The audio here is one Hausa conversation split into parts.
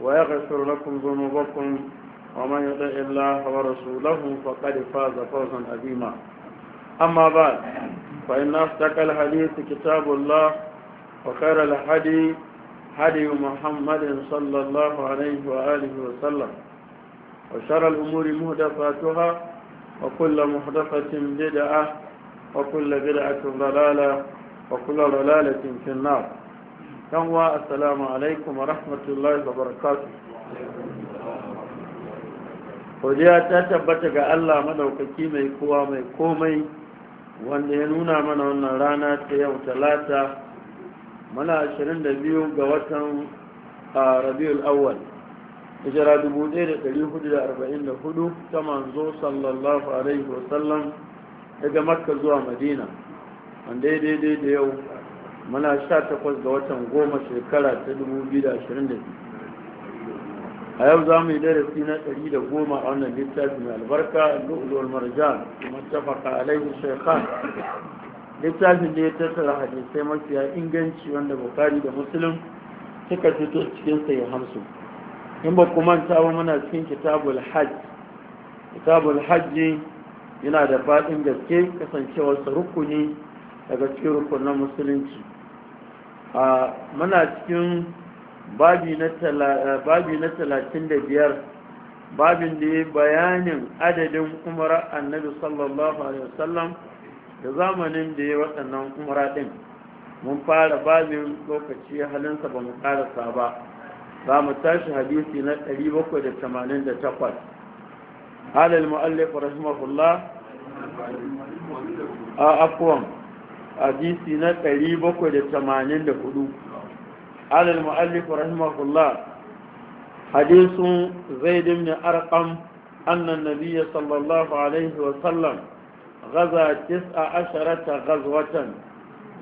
ويغفر لكم ذنوبكم ومن يطع الله ورسوله فقد فاز فوزا عظيما أما بعد فإن أصدق الحديث كتاب الله وخير الحديث هدي محمد صلى الله عليه وآله وسلم وشر الأمور مهدفاتها وكل محدثة بدعة وكل بدعة ضلالة وكل ضلالة في النار yanwa assalamu alaikum wa rahmatullahi wa barakatu godiya ta tabbata ga Allah madaukaki mai kowa mai komai wanda ya nuna mana wannan rana ta yau talata mana 22 ga watan rabiul awwal hijira 1444 ta manzo sallallahu alaihi wasallam daga makka zuwa madina wanda dai daidai da yau muna sha takwas ga watan goma shekara ta 2022 a yau za mu yi darasi na ɗari da goma a wannan littafi mai albarka lu'ulul marjan kuma tafaka alaihi shekhan littafin da ya tattara hadisai mafiya inganci wanda bukari da musulun suka fito cikin sai hamsu in ba kuma ta ba muna cikin kitabul hajj kitabul hajji yana da faɗin gaske kasancewar rukuni daga cikin rukunan musulunci muna cikin eh, babi na talatin da biyar babin da ya bayanin adadin umara annabi sallallahu alaihi wasallam da zamanin da ya waɗannan umara ɗin mun fara babin lokaci halinsa ba mu ƙarasa ba za mu tashi hadisi na 788 halal mu'allif rahimahullah a afuwan hadisi na 784 alal mu'allif rahimahullah hadisun zaid ibn arqam anna an-nabiy sallallahu alaihi wa sallam غزا تسع عشرة غزوة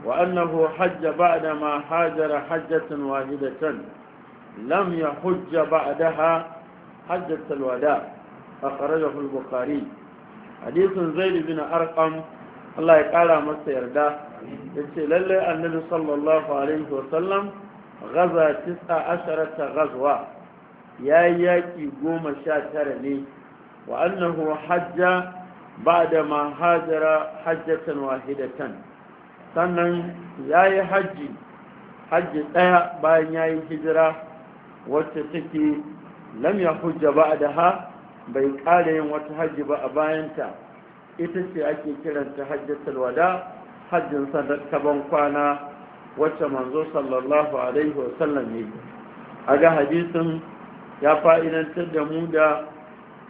وأنه حج بعدما هاجر حجة واحدة لم يحج بعدها حجة الوداع أخرجه البخاري حديث زيد بن أرقم Allah ya ƙara masa yarda ya ce lallai annabi sallallahu alaihi wasallam gaza tisa asharata gazwa ya yi yaƙi goma sha tara ne wa annahu hajja ba da ma hajjara hajjatan wahidatan sannan ya yi hajji hajji ɗaya bayan ya yi hijira wacce take lam ya hujja ba da ha bai ƙara yin wata hajji ba a bayanta ita ce ake kiranta hajjatul wada hajjin sadakaban kwana wacce manzo sallallahu alaihi wasallam ne a ga hadisin ya fa'idantar da mu da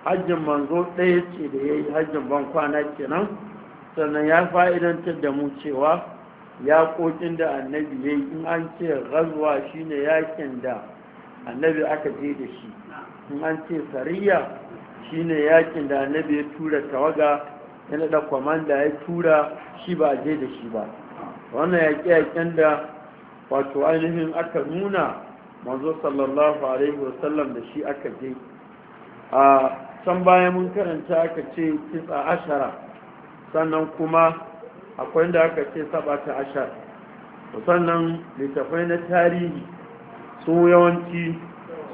hajjin manzo ɗaya ce da ya hajjin ban kwana kenan sannan ya fa'idantar da mu cewa yaƙoƙin da annabi ya yi in an ce razuwa shine yakin da annabi aka je da shi in an ce sariya shine yakin da annabi ya tura tawaga ya naɗa kwamanda ya tura shi ba je da shi ba wannan yaƙe-yaƙen da wato ainihin aka nuna manzo sallallahu alaihi wasallam da shi aka je a can baya mun karanta aka ce kitsa ashara sannan kuma akwai da aka ce sabata ashar sannan littafai na tarihi sun yawanci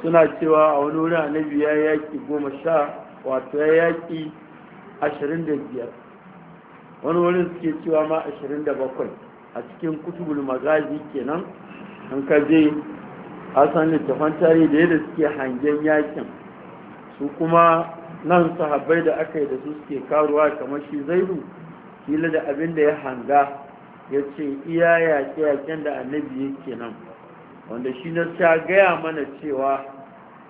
suna cewa a wani wuri annabi ya yaƙi goma sha wato ya yaƙi 25 wani wurin suke cewa ma 27 a cikin kutubul magazi kenan an ka je asan littafan tare da yadda suke hangen yakin su kuma nan sahabbai da aka yi da su suke karuwa kamar shi ru kila da abin da ya hanga ya ce iya yaƙe-yaƙen da annabi yake nan wanda shi na sha gaya mana cewa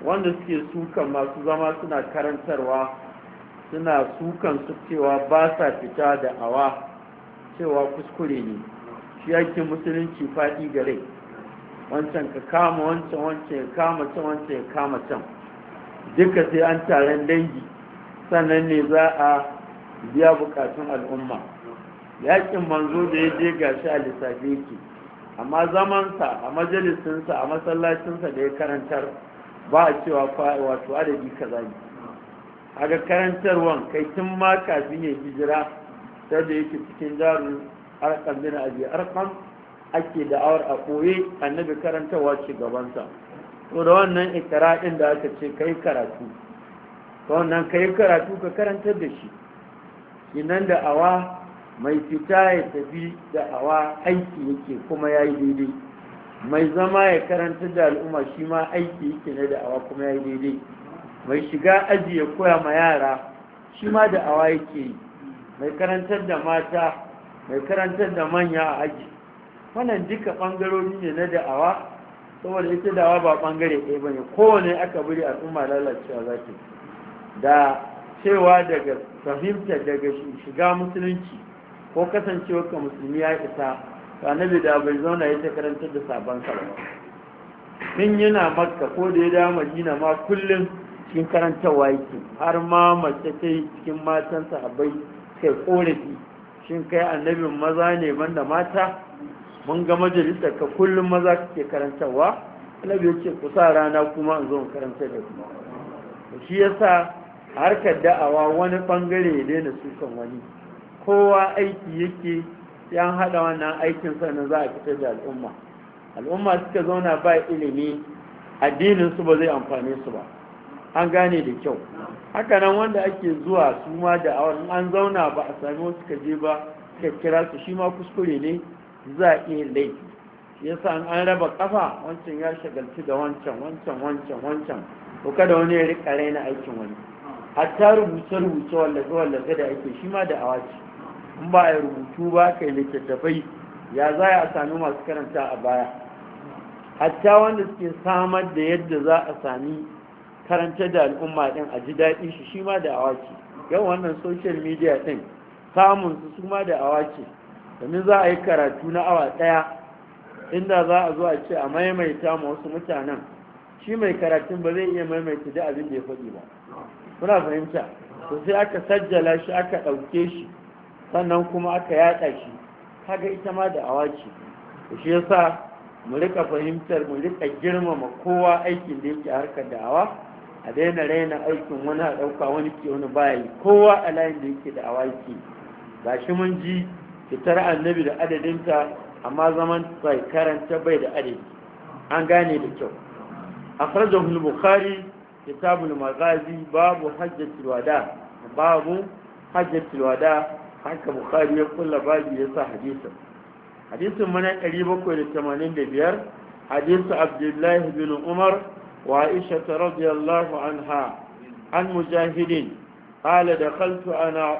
wanda suke sukan masu zama suna karantarwa suna sukan su cewa ba sa fita da awa cewa kuskure ne shi yake musulunci faɗi ga rai wancan ka kama wancan wancan ya kama can wancan ya kama can duka sai an taron dangi sannan ne za a biya bukatun al'umma yakin manzo da ya je shi a lissafi yake amma zamansa a majalisinsa a masallacinsa da ya karantar ba a cewa wato adadi kaza ne aga karantarwan kai tun ma kafin ya hijira sai da yake cikin jarun arkan bin abi arkan ake da'awar a ɓoye annabi karantarwa ce gabansa to da wannan ikira'in da aka ce kai karatu to wannan kai karatu ka karantar da shi kinan da awa mai fita ya tafi da awa aiki yake kuma ya yi daidai mai zama ya karanta da al'umma shi ma aiki yake na da awa kuma ya yi daidai mai shiga aji ya koya ma yara shi ma da awa yake mai karantar da mata mai karantar da manya a aji wannan duka ɓangarori ne na da awa, saboda ita da awa ba ɓangare ɗaya ba ne kowane aka buri al'umma lalacewa za ta da cewa daga fahimta daga shiga musulunci ko kasancewar ka musulmi ya isa na da bai zauna ya ta karantar da sabon kalma tun yana makka ko da ya dama jina ma kullum cikin karantarwa yake har ma mace ta yi cikin matan sahabbai sai korafi shin kai annabin maza ne banda mata mun ga majalisar ka kullum maza kake karantarwa annabi ya ce kusa rana kuma in zo in karanta da ku. shi yasa harkar da'awa wani bangare ya daina sukan wani kowa aiki yake yan haɗa wannan aikin sannan za a fitar da al'umma al'umma suka zauna ba ilimi addinin su ba zai amfane su ba an gane da kyau hakanan wanda ake zuwa su ma da awa, an zauna ba a sami wasu kaje ba ka kira su shi ma kuskure ne za a iya laifi yasa an an raba kafa wancan ya shagalci da wancan wancan wancan wancan to kada wani ya rika raina aikin wani hatta rubuce rubuce wallafe wallafe da ake shi ma da awaci in ba a yi rubutu ba kai littattafai ya za a sami masu karanta a baya hatta wanda suke samar da yadda za a sami karanta da al'umma din a ji daɗi shi shi ma da awaki yau wannan social media din samun su su ma da awaki domin za a yi karatu na awa ɗaya inda za a zo a ce a maimaita ma wasu mutanen shi mai karatun ba zai iya maimaita da abin da ya faɗi ba kuna fahimta to sai aka sajjala shi aka ɗauke shi sannan kuma aka yaɗa shi kaga ita ma da awaki shi yasa mu rika fahimtar mu rika girmama kowa aikin da yake harkar da'awa a daina raina aikin wani a ɗauka wani ke wani baya kowa a layin da yake da awaki ga shi mun ji fitar annabi da adadinta amma zaman sai karanta bai da adadi an gane da kyau a farjan bukhari kitabul magazi babu hajjatul wada babu hajjatul wada haka bukhari ya kulla babu ya sa hadisin hadisin mana 785 hadisu abdullahi bin umar وعائشة رضي الله عنها عن مجاهد قال دخلت أنا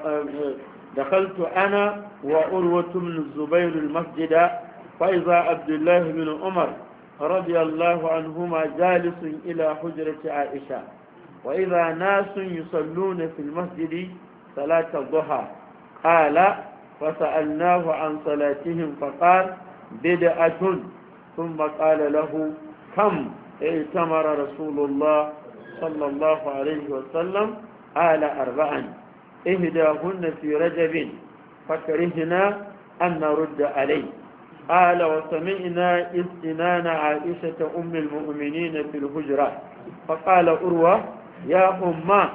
دخلت أنا وأروة بن الزبير المسجد فإذا عبد الله بن عمر رضي الله عنهما جالس إلى حجرة عائشة وإذا ناس يصلون في المسجد صلاة الضحى قال فسألناه عن صلاتهم فقال بدعة ثم قال له كم ائتمر رسول الله صلى الله عليه وسلم على أربعا إهداهن في رجب فكرهنا أن نرد عليه قال وسمعنا استنان عائشة أم المؤمنين في الهجرة فقال أروى يا أمة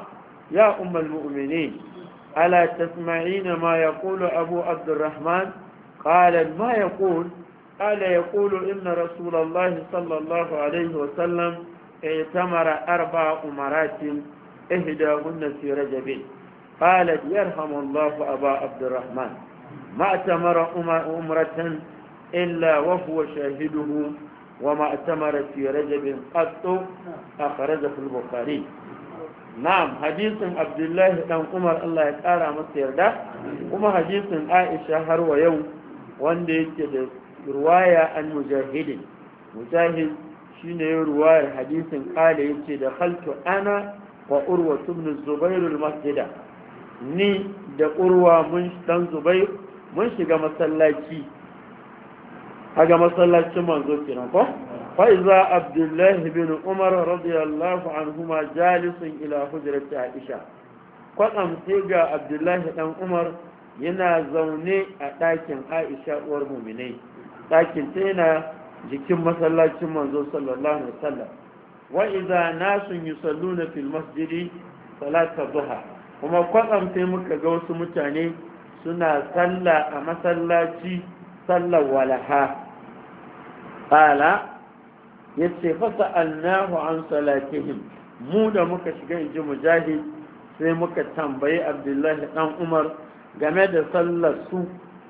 يا أم المؤمنين ألا تسمعين ما يقول أبو عبد الرحمن قال ما يقول قال يقول إن رسول الله صلى الله عليه وسلم ائتمر أربع أمرات إهداهن في رجب قالت يرحم الله أبا عبد الرحمن ما اعتمر أمرة إلا وهو شاهده وما اعتمر في رجب قط أخرجه البخاري نعم حديث عبد الله بن عمر الله يتعالى مصير ده وما حديث عائشة هر ويوم وان دي ruwaya an mujahidin mujahid shi ne ruwayar hadisin kala ya ce da haltu ana wa urwa tun zubairul masjida ni da urwa mun dan zubair mun shiga masallaci haga masallacin manzo kenan ko abdullahi bin umar radiyallahu anhuma jalisun ila hujrati aisha kwatsam sai ga abdullahi dan umar yana zaune a ɗakin aisha uwar muminai ɗakin sai na jikin masallacin manzo sallallahu alaihi wasallam wa idza nasun yusalluna fil masjidi salata duha kuma kwatsam sai muka ga wasu mutane suna salla a masallaci sallar walaha qala yace fa sa'alnahu an salatihim mu da muka shiga inji mujahid sai muka tambayi abdullahi dan umar game da sallar su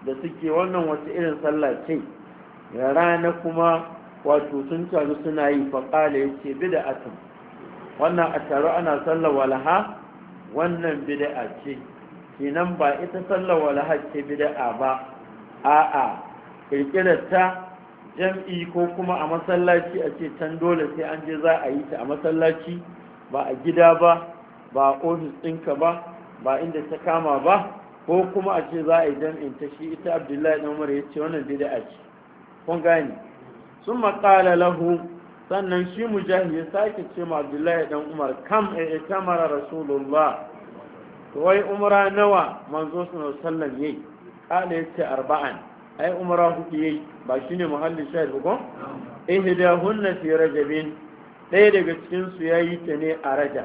da suke wannan wasu irin sallah ce rana kuma wato sun taru suna yi faƙala ya ce bida atin wannan a taru ana sallar laha wannan a ce kenan ba ita sallar laha ce 'a ba a'a ƙirƙirar ta jam'i ko kuma a masallaci a ce can dole sai an je za a yi ta a masallaci ba a gida ba ba a ofis ɗinka ba ba inda ta kama ba ko kuma a ce za a yi jam'in ta shi ita abdullahi ɗan umar ya ce wannan bid'a ce kun gani sun makala lahu sannan shi mujahid ya sake ce ma abdullahi dan umar kam a e, itamara e, rasulullah wai umra nawa manzo sallallahu yayi kala yace arba'an ai umra hudu yayi ba shine muhallin shahid ko ihdahunna fi rajabin ɗaya daga cikin su yayi ta ne a raja.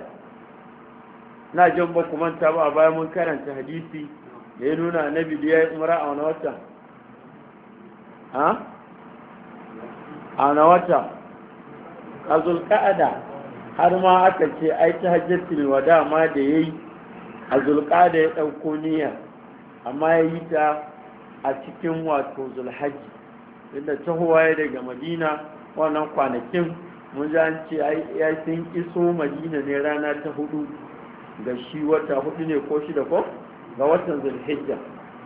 na jin ba kuma ta ba bayan mun karanta hadisi da ya nuna annabi da yi umra a wani watan? a wata a zulka'ada har ma aka ce ai ta hajjatul wada ma da ya yi a zulka'ada ya ɗauko niyya amma ya yi ta a cikin wato zulhaji inda tahowa ya daga madina wannan kwanakin mun ji an ce ya sun iso madina ne rana ta hudu ga shi wata hudu ne ko shi da ko ga watan zulhijja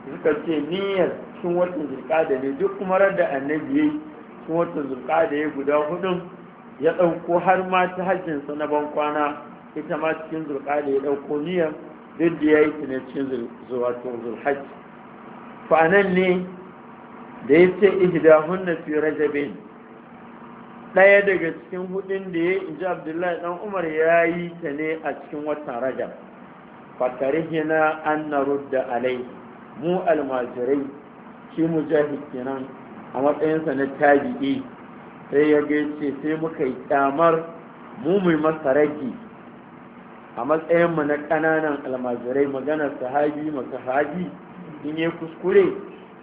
suka ce niyyar cikin watan zulkada ne duk kuma da annabi cikin zurka da ya guda hudun ya ɗauko har ma ta hajjinsa na bankwana ita ma cikin da ya ɗauko niyyar duk da ya yi ta cikin cikin zuwatun zulhajji fa'anan ne da ya ce ihdahun na fi rajabin ɗaya daga cikin hudun da ya inji abdullahi ɗan umar ya yi ta ne a cikin watan rajab hina an na rudda alai mu almajirai shi mujahid kenan a matsayinsa na tabi'i sai ya ga sai muka yi kyamar mu mai masa ragi a matsayinmu na ƙananan almajirai maganar sahabi masu Haji in yi kuskure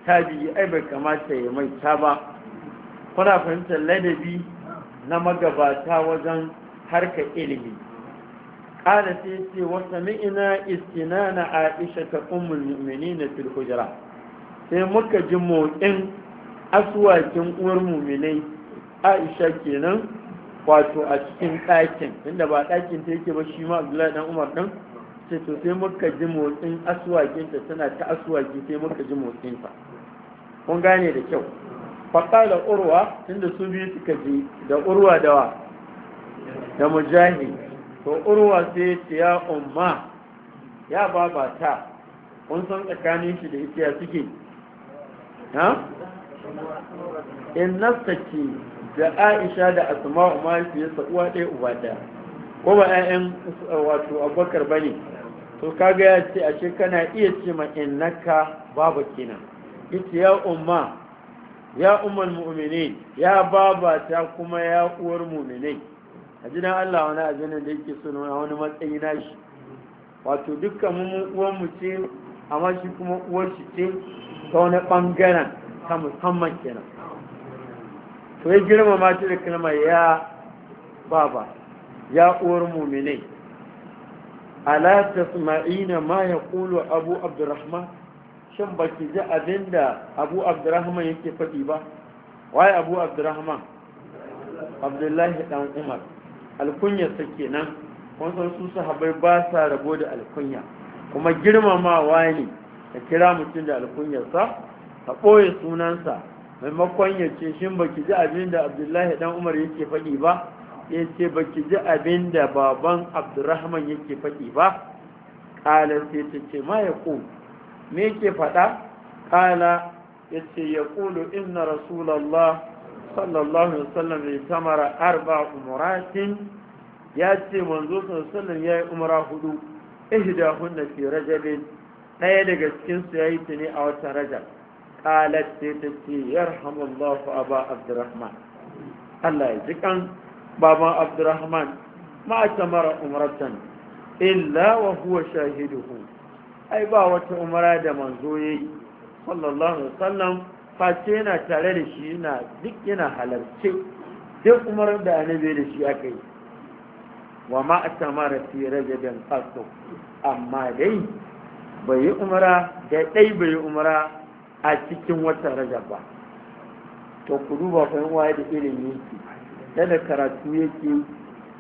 tabi'i ai bai kamata ya mai ta ba kuna fahimtar ladabi na magabata wajen harka ilimi ƙada sai ce wata mi'ina na aisha ta umul mu'mini na sai muka ji motsin aswakin uwar muminai aisha kenan wato a cikin ɗakin inda ba ɗakin ta yake ba shi ma abdullahi dan umar ɗan ce to sai muka ji motsin aswakin ta tana ta aswaki sai muka ji motsin ta kun gane da kyau faƙa da urwa inda su biyu suka ji da urwa dawa da mujahi to urwa sai ce ya umma ya babata kun san tsakanin shi da ita suke ha in ki da aisha da Asma ma su yi uwa ɗaya uba ɗaya ko ba 'ya'yan uh, wato abubakar ba ne to kaga ya ce ashe kana iya ce ma innaka babu kenan ita ya umma ya umar mu'mini ya baba ta kuma ya uwar mu'mini a jinan Allah wani ajinin da yake suna wani matsayi na shi. wato dukkan mu uwan mu ce amma shi kuma uwar shi ce ta wani bangaren ta musamman kenan to ya girmama ce da kalmar ya baba ya uwar muminai ala tasma'ina ma ya yaqulu abu abdurrahman shin baki ji abinda abu abdurrahman yake faɗi ba waye abu abdurrahman abdullahi dan umar alkunya kenan, nan wancan su sahabbai ba sa rabo da alkunya kuma girmamawa ne ka kira mutum da alkunyarsa ka ɓoye sunansa maimakon ya ce shin ki ji abin da abdullahi dan umar yake faɗi ba ya ce ba ki ji abin da baban abdurrahman yake faɗi ba ƙala sai ta ce ma ya ƙo me ke faɗa ƙala ya ce ya ƙulu inna rasulallah sallallahu alaihi wasallam ya tamara arba umaratin ya ce manzo sallallahu ya yi umara hudu ihda hunna fi rajabin ɗaya daga cikinsu ya yi ta ne a watan rajab qalat sai ta ce yarhamullahu aba abdurrahman Allah ya ji kan baban abdurrahman ma mara umratan illa wa huwa shahiduhu ai ba wata umara da manzo yayi sallallahu alaihi wasallam face yana tare da shi yana duk yana halarce duk umarar da annabi da shi aka yi wa ma mara fi rajabin qasu amma dai bai yi umara da dai bai yi umara a cikin watan rajaba ba to ku duba kan waye da irin yake karatu yake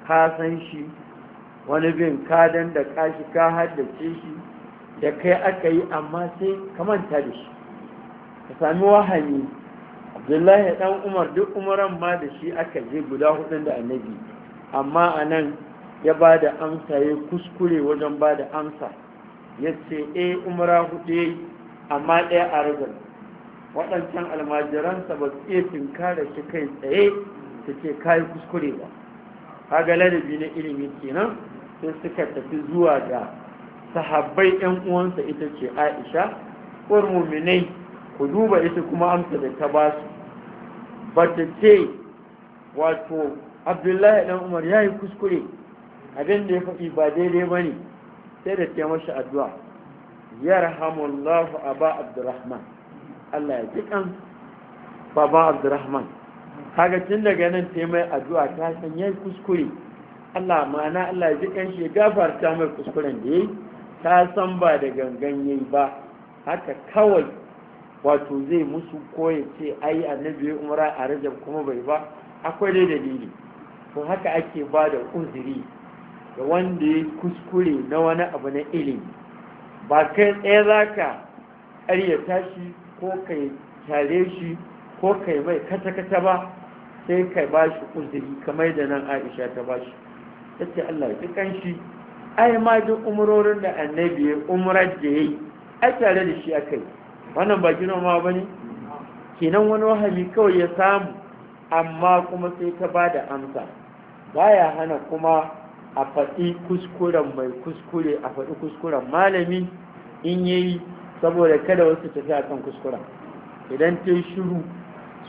ka san shi wani bin kadan da kashi ka haddace shi da kai aka yi amma sai kamanta da shi ka sami wahani abdullahi dan umar duk umaran ma da shi aka je guda hudun da annabi amma a nan ya ba da amsa ya kuskure wajen ba da amsa ya ce e umara hudu amma ɗaya a ragar waɗancan almajiransa ba su iya da shi kai tsaye su ce kayi kuskure ba kaga ladabi na ilimi kenan sai suka tafi zuwa ga sahabbai ɗan uwansa ita ce aisha uwar muminai ku duba ita kuma amsa da ta ba su ba ta ce wato abdullahi ɗan umar ya yi kuskure abin da ya faɗi ba daidai ba ne sai da ta mashi addu'a yarhamullahu aba abdurrahman Allah ya ji kan baba abdurrahman kaga tun daga nan sai mai addu'a ta san yayi kuskure Allah ma'ana Allah ya ji kan shi gafarta mai kuskuren da yayi ta san ba da gangan yayi ba haka kawai wato zai musu ko ce ai annabi umra a rajab kuma bai ba akwai dai dalili to haka ake ba da uzuri ga wanda ya kuskure na wani abu na ilimi ba kai tsaye za ka ƙaryata shi ko kai tare shi ko kai mai kata-kata ba sai ka ba shi uzuri kamar da nan aisha ta ba shi ta ce allah kan shi. ai ma duk umarorin da annabi ya umarar da ya yi ai tare da shi aka yi wannan ba gina ma ba ne kenan wani wahali kawai ya samu amma kuma sai ta ba da amsa baya hana kuma a faɗi kuskuren mai kuskure a faɗi kuskuren malami in yayi saboda kada wasu tafi a kan kuskuren idan ta yi shiru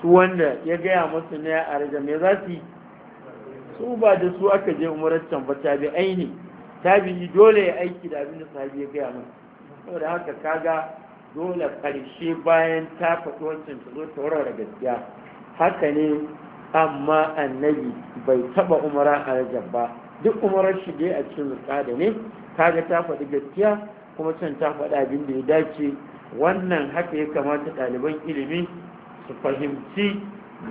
su wanda ya gaya masu na ya arja me za su yi su ba da su aka je umarar can ba tabi aini tabi dole ya aiki da abin da sahabi ya gaya masu saboda haka kaga dole karshe bayan ta faɗi wancan ta zo ta warware gaskiya haka ne amma annabi bai taɓa umara a rajab ba duk umarar shi dai a cikin zulqada ne kaga ta faɗi gaskiya kuma can ta faɗi abin da ya dace wannan haka ya kamata ɗaliban ilimi su fahimci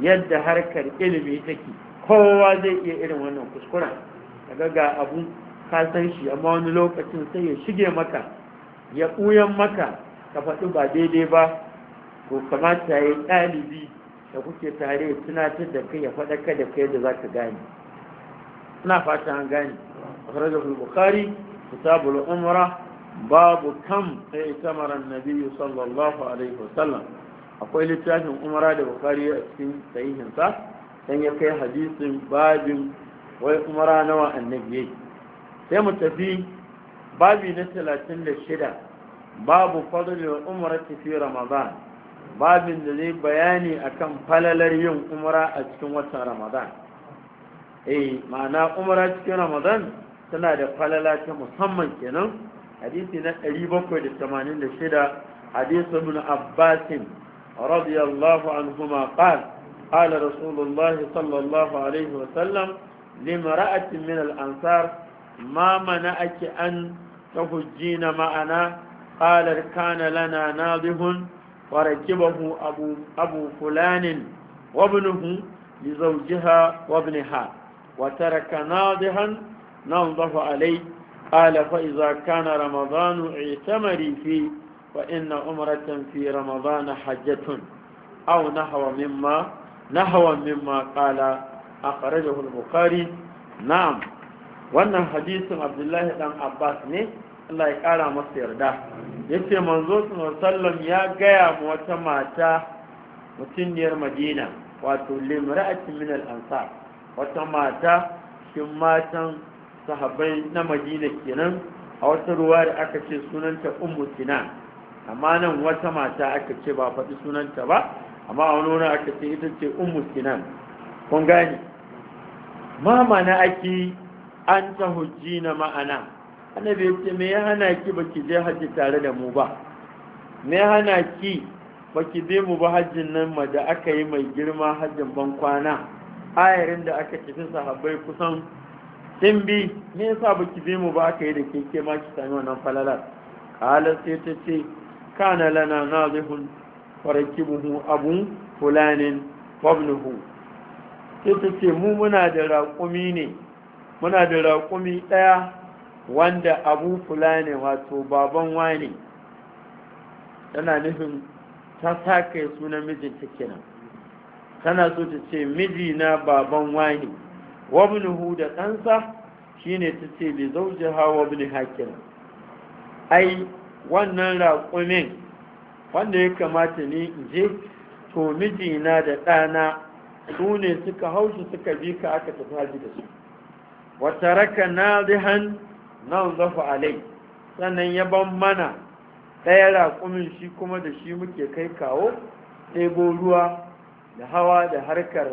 yadda harkar ilimi take kowa zai iya irin wannan kuskuren daga ga abu ka shi amma wani lokacin sai ya shige maka ya ɓuyan maka ka faɗi ba daidai ba ko kamata ya yi ɗalibi da kuke tare tunatar da kai ya faɗaka da kai da za ka gane ina fata an gani akhrajahu al-bukhari kitabul umra babu kam sai tamara annabi sallallahu alaihi wasallam akwai littafin umara da bukhari a cikin sahihin sa dan ya kai hadisin babin wai umra nawa annabi yake sai mu tafi babi na 36 babu fadlul umrati fi ramadan babin da zai bayani akan falalar yin umara a cikin watan ramadan eh ma'ana umara cikin ramadan tana da falala ta musamman kenan hadisi na 786 hadisi ibn Abbasin radiyallahu anhuma Ƙar qala rasulullah sallallahu alaihi wa sallam limra'atin min al-ansar ma mana'aki an tahujjina ma'ana na كان لنا ناضح وركبه أبو, أبو فلان وابنه لزوجها وابنها وترك ناضحا ننضف عليه قال فإذا كان رمضان اعتمري فيه وإن عمرة في رمضان حجة أو نحو مما نحو مما قال أخرجه البخاري نعم wannan hadisin abdullahi dan abbas ne Allah ya kara masa yarda yace manzo sallam ya gaya mu wata mata mutumiyar madina wato limra'atin min al-ansar wata mata cikin matan sahabai na madina kenan a wata ruwa da aka ce sunanta umu sinan amma nan wata mata aka ce ba faɗi sunanta ba amma a wani aka ce ita ce umu sinan kun gani ma mana ake an ta hujji na ma'ana annabi ya ce me ya hana ki baki je hajji tare da mu ba me ya hana ki baki bi mu ba hajjin nan ma da aka yi mai girma hajjin ban kwana ayarin da aka tafi sahabbai kusan dimbi me yasa baki bi mu ba aka yi da keke ma ki sami wannan falalar qala sai ta ce kana lana na nazihun farakibuhu abu fulanin wabnuhu sai ta ce mu muna da raƙumi ne muna da raƙumi ɗaya wanda abu fulani wato baban wani tana nufin ta sa kai sunan mijinta kenan tana so ta ce mijina baban wani wabnuhu da ɗansa ne ta ce bai zauce hawa bin ai wannan raƙumin wanda ya kamata ne in je to mijina da ɗana su ne suka haushi suka bi ka aka tafi haji da su wata raka na, zihan nan zafi alai sannan ya ban mana ɗaya raƙumin shi kuma da shi muke kai kawo ɗebo ruwa da hawa da harkar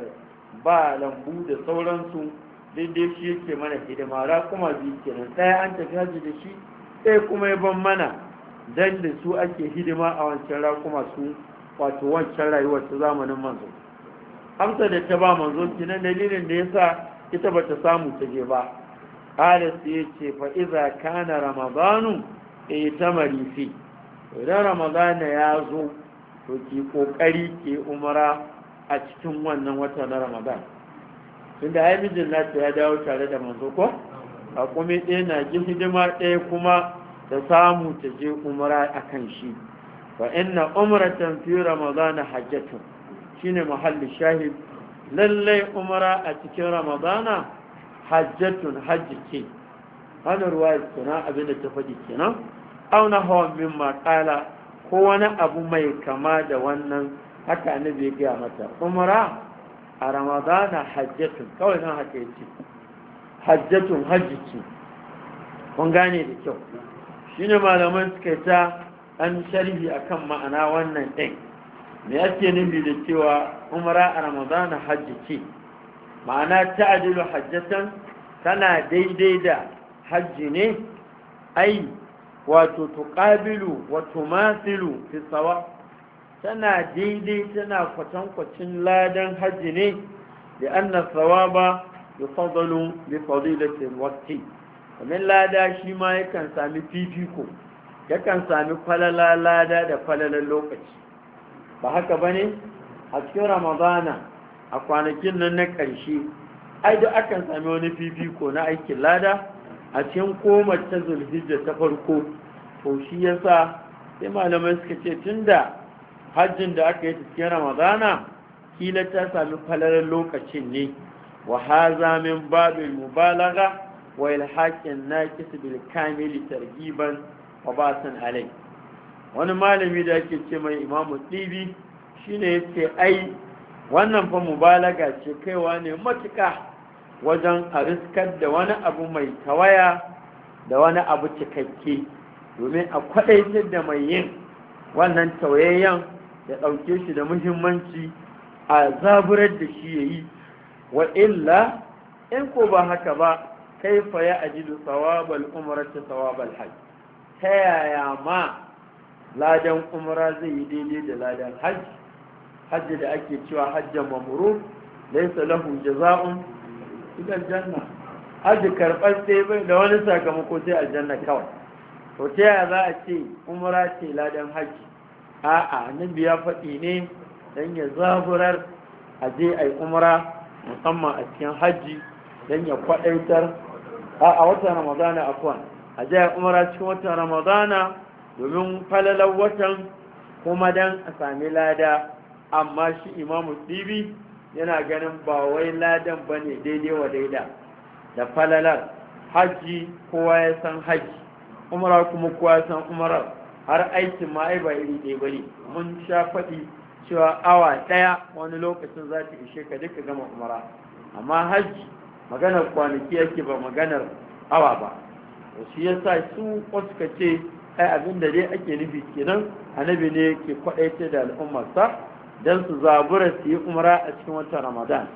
ba lambu da sauransu daidai shi yake mana hidima ra kuma biyu kenan ɗaya an tafi hajji da shi ɗaya kuma ya ban mana dan da su ake hidima a wancan ra kuma su wato wancan rayuwar ta zamanin manzo amsa da ta ba manzo kenan dalilin da yasa ita bata samu ta je ba halis ya ce fa iza kana ramadanu e eh, ta marifi idan ramadana ya zo to ki kokari ki umara a cikin wannan wata na ramadan tunda ai mijin ya dawo tare da manzo ko a kuma ɗaya na ji hidima ɗaya kuma da samu ta je umra a kan shi fa inna umratan fi ramadana hajjatun shine muhalli shahid lallai umra a cikin ramadana hajjatun hajji ce hannun ruwa abin da ta faɗi kenan auna hawan min maƙala ko wani abu mai kama da wannan haka ne bai gaya mata umra a ramadana hajjatun kawai nan haka yake hajjatun hajjici kun gane da kyau Shi ne malaman suka ta an sharhi akan ma'ana wannan ɗin me yake nufi da cewa umra a ramadana hajjici ma'ana ta'adilu hajjatan tana daidai da hajji ne ai wato tuqabilu wa tumathilu fi sawa tana daidai tana kwatankwacin ladan hajji ne da anna ba da fadalu da fadilatin waqti kamin lada shi ma yakan sami fifiko yakan sami falala lada da falalan lokaci ba haka ba ne? a cikin ramadana a kwanakin nan na ƙarshe ai da akan sami wani fifiko na aikin lada a cikin komar ta zulhijja ta farko to shi yasa sai malamai suka ce tun da. hajjin da aka yi cikin ramadana kila ta sami falalar lokacin ne wa haza min babin mubalaga wa na kisa bil kamili targiban wa basan alai wani malami da ake ce mai imamu ne shine yace ai wannan fa mubalaga ce kaiwa ne matuka wajen a riskar da wani abu mai tawaya da wani abu cikakke domin a kwaɗaitar da mai yin wannan tawayayyan ya ɗauke shi da muhimmanci a zaburar da shi ya yi wa illa in ko ba haka ba kaifa ya ajidu tsawabal ta tsawabal hajj ta yaya ma ladan umara zai yi daidai da ladan haji? hajji da ake cewa hajjan mamuru laisa lahu jaza'un idan janna hajji karɓar sai bai da wani sakamako sai aljanna kawai to ta yaya za a ce umara ce ladan hajji a'a nan biya faɗi ne don ya zaburar a je a umra musamman a cikin hajji don ya kwaɗaitar a watan ramadana afwan a je a umra cikin watan ramadana domin falalar watan kuma dan a sami lada amma shi imamu tibi yana ganin ba wai ladan ba ne daidai wa daida da falalar hajji kowa ya san hajji umra kuma kowa ya san umrar har aikin ma ai ba iri ɗaya ne, mun sha faɗi cewa awa ɗaya wani lokacin za ta ishe ka duka gama umara amma hajji maganar kwanaki yake ba maganar awa ba wasu ya sa su ka ce ai abin da dai ake nufi kenan annabi ne ke kwaɗaita da al'ummarsa don su zabura su yi umara a cikin watan ramadan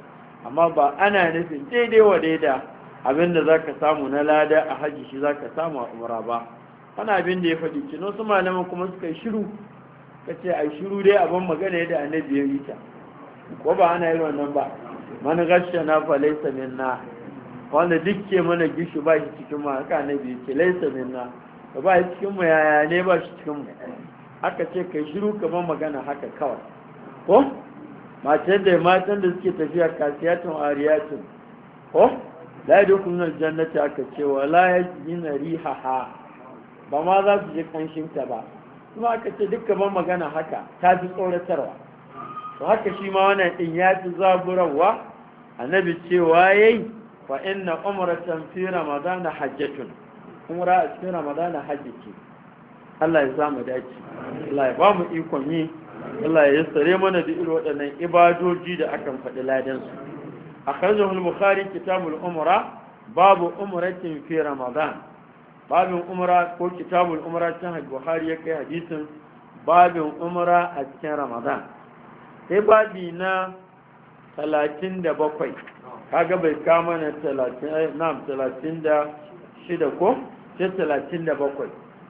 amma ba ana nufin daidai wa daida abin da za ka samu na lada a hajji shi za ka samu a umara ba wani abin da ya faɗi kino su malaman kuma suka yi shiru ka ce a shiru dai abin magana yadda annabi ya yi ko ba ana yin wannan ba Mani gashe na fa laisa minna wanda duk ke mana gishi ba shi cikin mu haka annabi ya ce laisa minna ba ba shi cikin mu yaya ne ba shi cikin mu aka ce kai shiru ka ban magana haka kawai ko matan da matan da suke tafiya kasiyatun ariyatun ko la yadkhuluna aljannata aka ce wa la yajiduna rihaha ba ma za su ji kanshinta ba kuma aka ce duk gaban magana haka ta fi tsoratarwa to haka shi ma wannan din ya fi zaburarwa annabi cewa yayi fa inna umratan fi ramadana hajjatun umra a cikin ramadan hajji ce Allah ya sa mu dace Allah ya ba mu ikon yi Allah ya yassare mana da irin waɗannan ibadoji da akan faɗi ladan su akhrajahu al-bukhari kitabul umra babu umratin fi ramadan babin umra ko kitabul umra cikin buhari ya kai hadisin babin umra a cikin ramadan sai babi na 37 kaga bai kama na 36 ko sai 37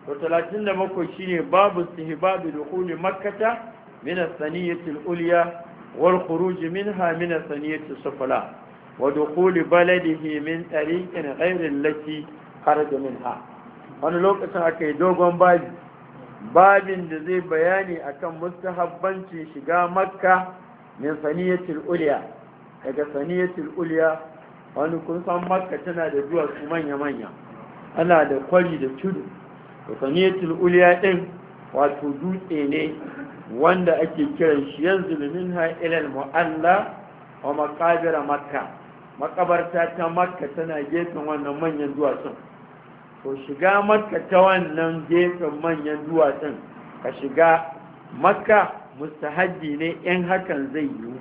to 37 shine babu Babu dukuli makkata min as-saniyati al-ulya wal khuruj minha min as-saniyati as-sufla wa dukhuli baladihi min tariqin ghayri allati kharaja minha wani lokacin aka yi dogon babi babin da zai bayani akan mustahabbancin shiga makka min saniyatul ulya daga saniyatul ulya wani kun san makka tana da duwatsu manya-manya ana da kwari da tudu da saniyatul ulya din wato dutse ne wanda ake kiran shi yanzu min ha'ilal mu'alla wa makabira makka makabarta ta makka tana gefen wannan manyan duwatsun to shiga makka ta wannan gefen manyan duwatsun ka shiga makka mustahaji ne in hakan zai yiwu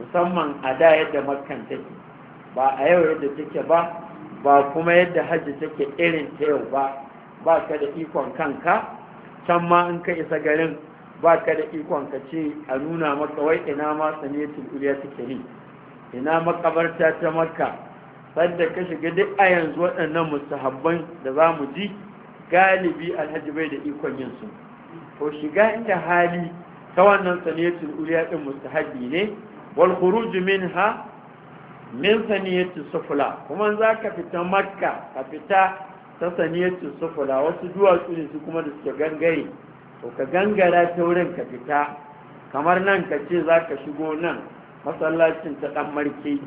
musamman a da yadda makkan take ba a yau yadda take ba ba kuma yadda hajji take irin ta yau ba ba ka da ikon kanka can ma in ka isa garin ba ka da ikon ka ce a nuna maka wai ina ma saniyatul uliya take ni? ina makabarta ta makka sadda ka shiga duk a yanzu waɗannan mustahabban da za mu ji galibi alhaji bai da ikon yin su ko shiga inda hali ta wannan saniyatul uliya din mustahabi ne wal khuruj minha min saniyatul sufla kuma za ka fita makka ka fita ta saniyatul sufla wasu duwatsu ne su kuma da suke gangare to ka gangara taurin wurin ka fita kamar nan ka ce za ka shigo nan masallacin ta dan marke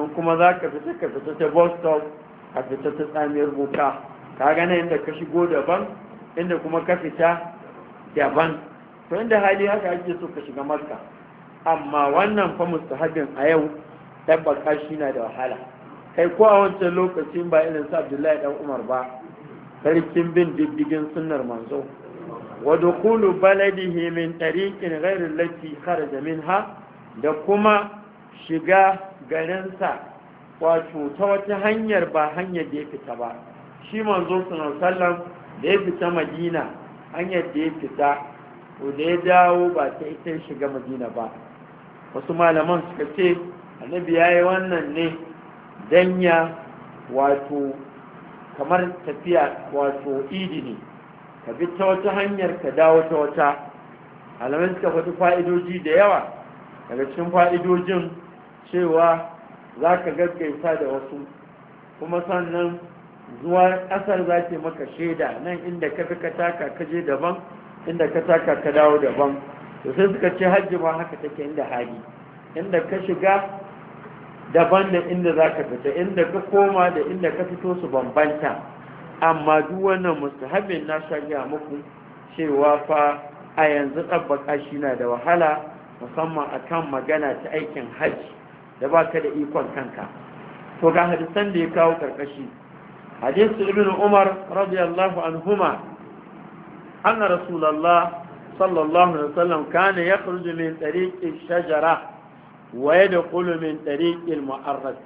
sun kuma za ka fita ka fita ta bus stop fita ta tsamiyar buka ka gane inda ka shigo daban inda kuma ka fita daban to inda hali haka ake so ka shiga makka amma wannan fa mustahabin a yau tabbaka shi na da wahala kai ko a wancan lokacin ba irin sa abdullahi dan umar ba sarkin bin diddigin sunnar manzo wa dukulu baladihi min tariqin ghairi allati kharaja minha da kuma shiga garinsa wato ta wata hanyar ba hanyar da ya fita ba shi manzo sallam da ya fita madina hanyar da ya fita da ya dawo ba ta ita shiga madina ba wasu malaman suka ce annabi ya yi wannan ne danya wato kamar tafiya wato idi ne ka bi ta wata hanyar ka dawo ta wata alamai suka faɗi fa'idoji da yawa daga cikin fa'idojin cewa za ka gaggaita da wasu kuma sannan zuwa ƙasar za ta maka shaida nan inda ka fi ka taka ka je daban inda ka taka ka dawo daban to sai suka ce hajji ba haka take inda hali inda ka shiga daban da inda za ka fita inda ka koma da inda ka fito su bambanta amma duk wannan mustahabin na shari'a muku cewa fa a yanzu tsabbaka shi na da wahala musamman akan magana ta aikin hajji da ba ka da ikon kanka to ga hadisan da ya kawo karkashi hadisu ibn umar radiyallahu anhuma anna rasulullah sallallahu alaihi wasallam kana yakhruju min tariqi shajara wa yadkhulu min tariqi al-mu'arrad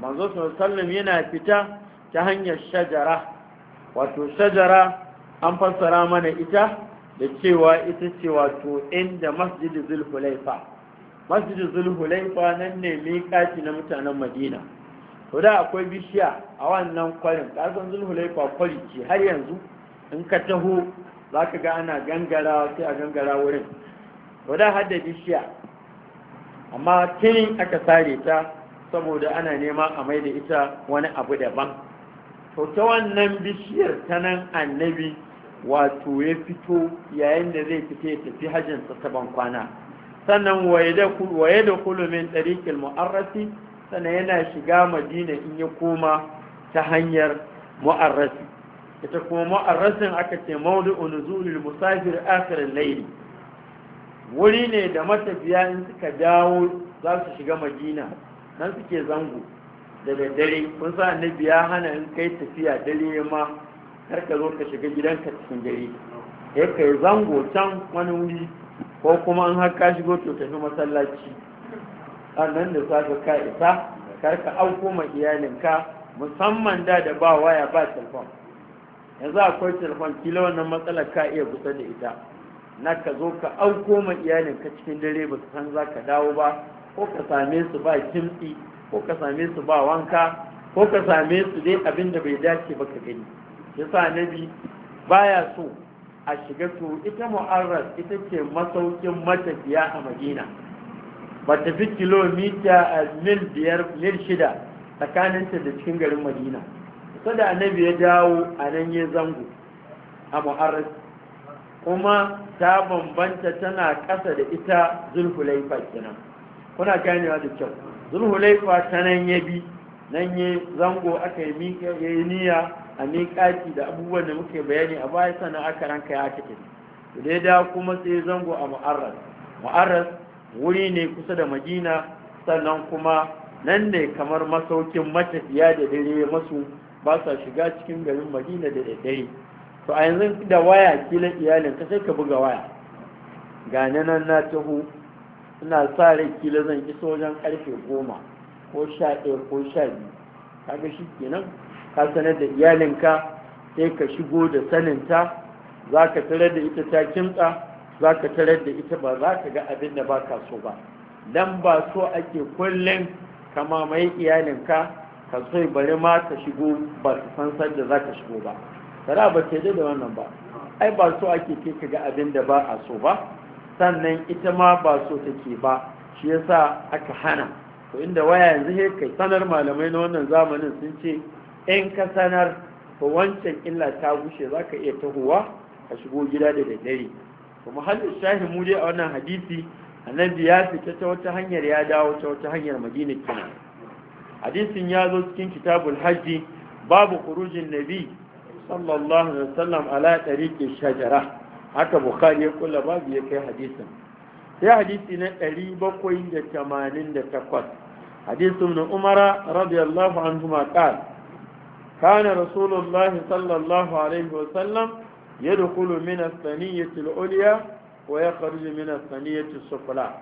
manzo sallallahu alaihi wasallam yana fita ta hanyar shajara wato shajara an fassara mana ita da cewa ita ce wato inda masjidul zulhulaifa masjid zulhulaifa nan ne miƙaci na mutanen madina to da akwai bishiya a wannan kwarin ƙasan zulhulaifa kwari ce har yanzu in ka taho za ka ga ana gangara sai a gangara wurin to da har da bishiya amma tuni aka sare ta saboda ana nema a mai da ita wani abu daban to ta wannan bishiyar ta nan annabi wato ya fito yayin da zai fita ya tafi hajjinsa ta ban kwana sannan waye da kulumin ɗariƙil mu'arrasi sannan yana shiga madina in ya koma ta hanyar mu'arrasi ita kuma mu'arrasin aka ce maudu unuzulil musafir akirin laili wuri ne da matafiya in suka dawo za su shiga madina nan suke zango daga dare, kun sa annabi ya hana in kai tafiya dare ma har ka zo ka shiga gidanka cikin gari ya kai zango can wani wuri ko kuma an har ka shigo to tafi masallaci nan da safe ka isa karka auko ma iyalinka musamman da da ba waya ba telefon yanzu akwai telefon kila wannan matsalar ka iya kusa da ita na ka zo ka auko ma ka cikin dare ba su san za ka dawo ba ko ka same su ba kimtsi ko ka same su ba wanka ko ka same su dai abin da bai dace ba ka gani yasa nabi baya so a shiga to ita mu'arras ita ce masaukin matafiya a madina ba ta fi kilomita a eh, mil biyar mil shida tsakaninta da cikin garin madina kusa da annabi ya dawo a nan ya zango a mu'arras kuma ta bambanta tana kasa da ita zulhulaifa kenan kuna ganewa da kyau zulhulaifa ta nan ya bi nan ya zango aka yi miƙa yi niyya a miƙaƙi da abubuwan da muke bayani a baya sannan aka ranka ya ake tafi da ya kuma sai zango a mu'arras mu'arras wuri ne kusa da madina sannan kuma nan ne kamar masaukin matafiya da dare masu ba sa shiga cikin garin madina da daddare to a yanzu da waya kila iyalin ka sai ka buga waya ga nan na taho ina sa rai kila zan iso wajen karfe goma ko sha ɗaya ko sha biyu kaga shi kenan ka sanar da iyalinka sai ka shigo da saninta za ka tarar da ita ta kimtsa za ka tarar da ita ba za ka ga abin da ba ka so ba don ba so ake kullum kama mai iyalinka ka so bari ma ka shigo ba su san da za ka shigo ba tara ba ce da wannan ba ai ba so ake ke ka ga abin da ba a so ba sannan ita ma ba so take ba shi yasa aka hana to inda waya yanzu he kai sanar malamai na wannan zamanin sun ce in ka sanar ba wancan illa ta gushe za ka iya tahowa ka shigo gida da daddare kuma halin shahin mu dai a wannan hadisi annabi ya fita ta wata hanyar ya dawo ta wata hanyar madina hadisin ya zo cikin kitabul hajji babu khurujin nabi sallallahu alaihi wasallam ala tariqi shajara haka bukhari ya kula babu ya kai hadisin sai hadisi na 788 hadisin umara radiyallahu anhu ma qala kana rasulullah sallallahu alaihi wasallam yadkhulu min as-saniyyati al-ulya wa yakhruju min as-saniyyati as-sufla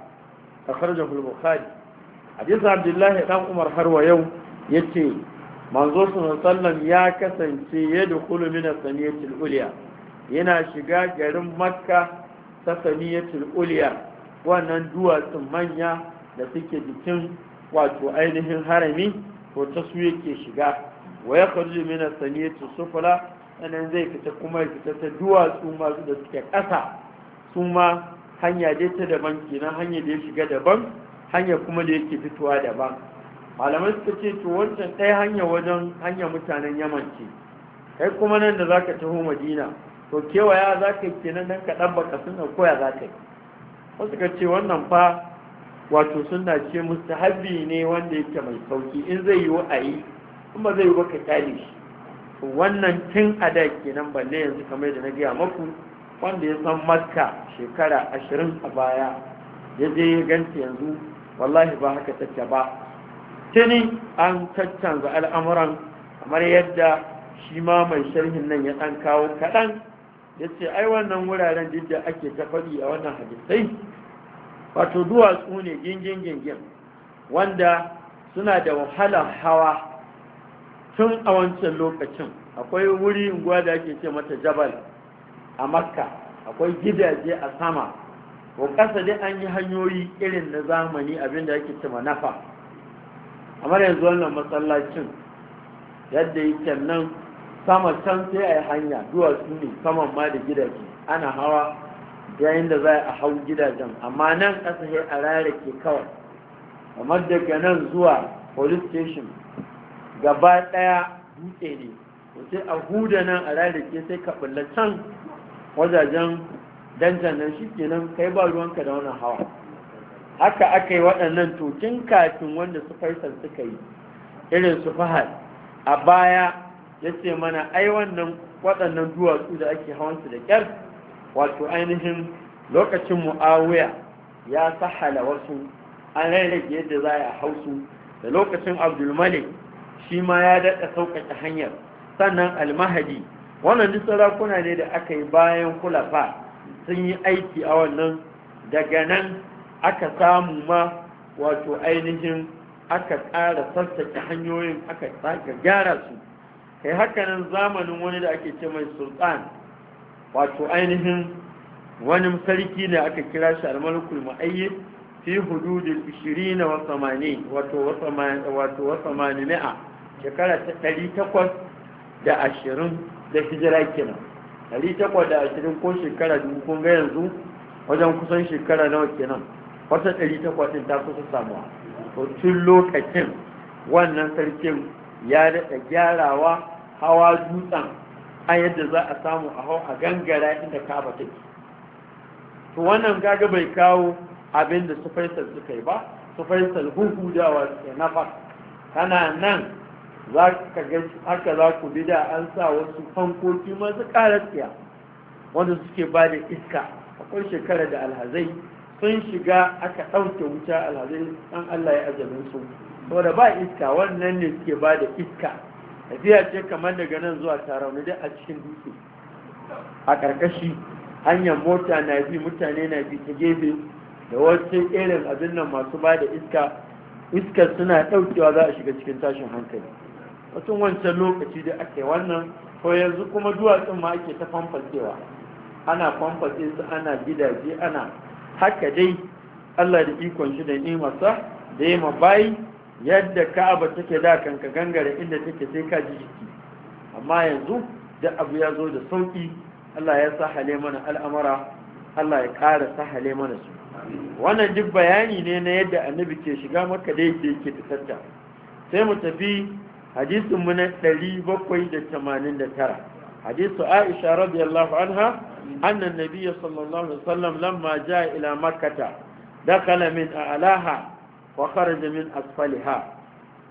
akhrajahu al-bukhari hadith abdullahi dan umar har wa yau yace manzo sallallahu ya kasance yadkhulu min as-saniyyati al-ulya yana shiga garin makka ta saniyatul uliya wannan duwatsun manya da suke jikin wato ainihin harami ko ta su yake shiga wa ya kharju min as sufla sannan zai fita kuma ya fita ta duwatsu masu da suke ƙasa su ma hanya dai ta daban kenan hanya da ya shiga daban hanya kuma da yake fitowa daban malamai suka ce to wancan ɗaya hanya wajen hanya mutanen yaman ce kai kuma nan da zaka taho madina to kewaya za ka yi kenan dan kaɗan baka suna koya za ka yi wasu suka ce wannan fa wato suna ce mustahabi ne wanda yake mai sauki in zai yiwu a yi kuma zai yi baka kyale wannan tun a da kenan balle yanzu kamar da na gaya maku wanda ya san makka shekara ashirin a baya ya je ya ganta yanzu wallahi ba haka ta ba tuni an caccanza al'amuran kamar yadda shi ma mai sharhin nan ya ɗan kawo kaɗan ya ce ai wannan wuraren duk da ake ta faɗi a wannan hadisai wato duwatsu ne gingin gingin wanda suna da wahalar hawa tun a wancan lokacin akwai wuri unguwa da ake ce mata jabal a makka akwai gidaje a sama ko ƙasa dai an yi hanyoyi irin na zamani abinda ake ce nafa amma yanzu wannan masallacin yadda yake nan sama can sai a yi hanya duwatsu ne saman ma da gidaje ana hawa yayin da za a hau gidajen amma nan ƙasa sai a rarake kawai kamar daga nan zuwa police station gaba ɗaya dutse ne sai a huda nan a rarrake sai ka bulla can wajajen danjan nan shi kenan kai ba ruwanka da wannan hawa haka aka yi waɗannan tokin kafin wanda su faisal suka yi irin su fahad a baya yace mana ai wannan waɗannan duwatsu da ake hawansu da kyar? wato ainihin lokacin mu'awiya ya sahala wasu an rarrake yadda za a hausu da lokacin abdulmalik shi ma ya daɗa sauƙaƙe hanyar sannan almahadi wannan duk sarakuna ne da aka yi bayan kulafa sun yi aiki a wannan daga nan aka samu ma wato ainihin aka ƙara sassake hanyoyin aka sake gyara su kai hakanan zamanin wani da ake ce mai sultan wato ainihin wani sarki ne aka kira shi almalukul ma'ayyid fi hududin 20 wa 80 wato wa 80 mi'a shekara ta ɗari takwas da ashirin da hijira kenan ɗari takwas da ashirin ko shekara dubu kun ga yanzu wajen kusan shekara nawa kenan wata ɗari takwas ɗin ta kusa samuwa to tun lokacin wannan sarkin ya daɗa gyarawa hawa dutsen a yadda za a samu a hau a gangara inda kaba take to wannan gaga bai kawo abinda da su suka yi ba su faisal huhu da nafa tana nan za ka haka za ku bi da an sa wasu fankoki masu ƙararsiya wanda suke ba da iska akwai shekara da alhazai sun shiga aka ɗauke wuta alhazai an Allah ya ajalin su saboda ba iska wannan ne suke ba da iska tafiya ce kamar daga nan zuwa tarauni da a cikin dutse a ƙarƙashi hanyar mota na bi mutane na bi ta gefe da wasu irin abin nan masu ba da iska iskar suna ɗaukewa za a shiga cikin tashin hankali mutum wancan lokaci da ake wannan ko yanzu kuma duwatsun ma ake ta famfasewa ana famfase su ana gidaje ana haka dai Allah da ikon shi da nimarsa da yi bayi yadda ka'aba take da kanka gangare inda take sai ka ji jiki amma yanzu da abu ya zo da sauki Allah ya sahale mana al'amara Allah ya ƙara sahale mana su wannan duk bayani ne na yadda annabi ke shiga maka da yake ke fitarta sai mu tafi hadisin mu na 789 hadisu Aisha radiyallahu anha anna nabiyya sallallahu alaihi wasallam lamma jaa ila makkah dakala min a'laha wa kharaja min asfaliha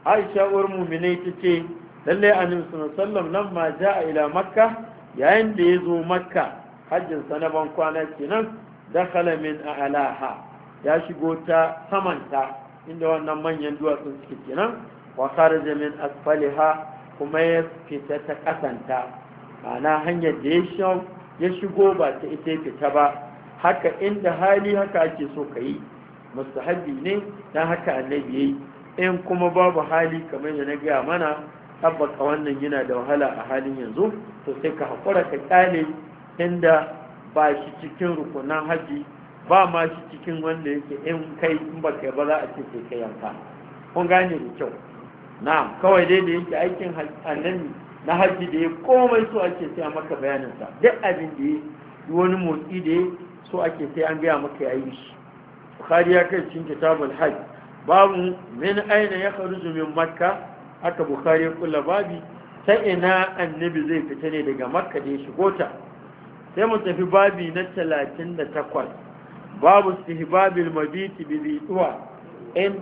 Aisha uwar mu'minai tace lalle annabi sallallahu alaihi wasallam lamma jaa ila makkah yayin da yazo makka hajjin sa na ban kwana kenan dakala min a'laha ya shigo ta samanta inda wannan manyan duwatsun suke kenan wa kharaja min asfaliha kuma ya fita ta kasanta ma'ana hanyar da ya shigo ba ta ita fita ba haka inda hali haka ake so ka yi mustahabi ne dan haka annabi yayi in kuma babu hali kamar da na gaya mana tabbaka wannan yana da wahala a halin yanzu to sai ka haƙura ka kyale inda ba shi cikin rukunan haji ba ma shi cikin wanda yake in kai in ba kai ba za a ce sai ka yanka kun gane da kyau na'am kawai dai da yake aikin annabi na hajji da ya komai so ake sai maka bayaninsa duk abin da ya yi wani motsi da ya so ake sai an gaya maka ya yi shi bukari ya kai cikin kitabul hajj babu min aina ya kharuju min makka aka bukari kula babi ta ina annabi zai fita ne daga makka da ya shigo ta sai mu tafi babi na 38 babu istihbabil mabiti bi zuwa in